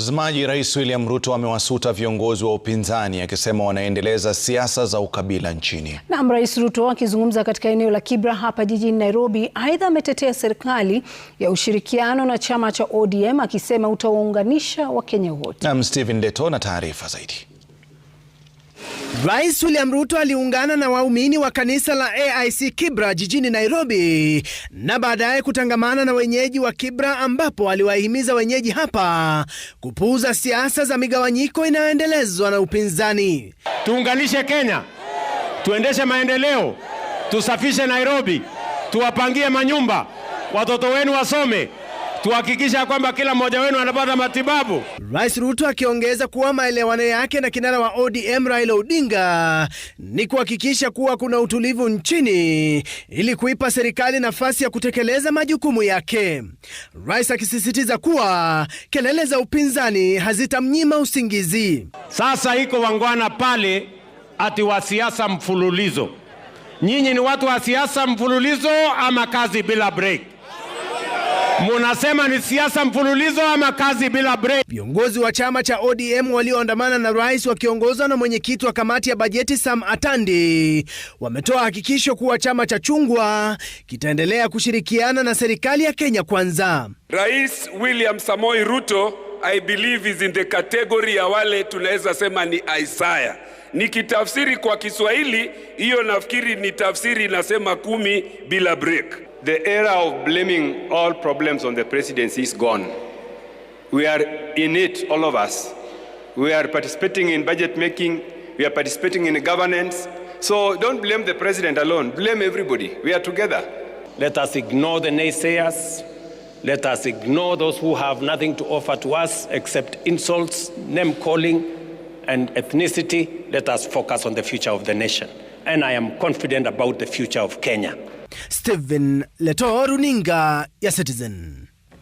Mtazamaji, Rais William Ruto amewasuta viongozi wa upinzani akisema wanaendeleza siasa za ukabila nchini. Naam, Rais Ruto akizungumza katika eneo la Kibra hapa jijini Nairobi, aidha ametetea serikali ya ushirikiano na chama cha ODM akisema utawaunganisha Wakenya wote. Naam, Stephen Leto na taarifa zaidi. Rais William Ruto aliungana na waumini wa kanisa la AIC Kibra jijini Nairobi na baadaye kutangamana na wenyeji wa Kibra ambapo aliwahimiza wenyeji hapa kupuuza siasa za migawanyiko inayoendelezwa na upinzani. Tuunganishe Kenya, tuendeshe maendeleo, tusafishe Nairobi, tuwapangie manyumba, watoto wenu wasome tuhakikisha kwamba kila mmoja wenu anapata matibabu. Rais Ruto akiongeza kuwa maelewano yake na kinara wa ODM Raila Odinga ni kuhakikisha kuwa kuna utulivu nchini ili kuipa serikali nafasi ya kutekeleza majukumu yake. Rais akisisitiza kuwa kelele za upinzani hazitamnyima usingizi. Sasa iko wangwana pale ati wa siasa mfululizo. Nyinyi ni watu wa siasa mfululizo ama kazi bila break? Munasema ni siasa mfululizo ama kazi bila break. Viongozi wa chama cha ODM walioandamana na rais wakiongozwa na mwenyekiti wa kamati ya bajeti Sam Atandi wametoa hakikisho kuwa chama cha chungwa kitaendelea kushirikiana na serikali ya Kenya Kwanza. Rais William samoi Ruto I believe is in the category ya wale tunaweza sema ni Isaiah. Nikitafsiri kwa Kiswahili hiyo nafikiri ni tafsiri inasema kumi bila break. the era of blaming all problems on the presidency is gone. We are in it, all of us. We are participating in budget making, we are participating in governance. So don't blame the president alone, blame everybody. We are together. Let us ignore the naysayers. Let us ignore those who have nothing to offer to us except insults, name calling, and ethnicity. Let us focus on the future of the nation. And I am confident about the future of Kenya. Stephen Leto, runinga ya Citizen.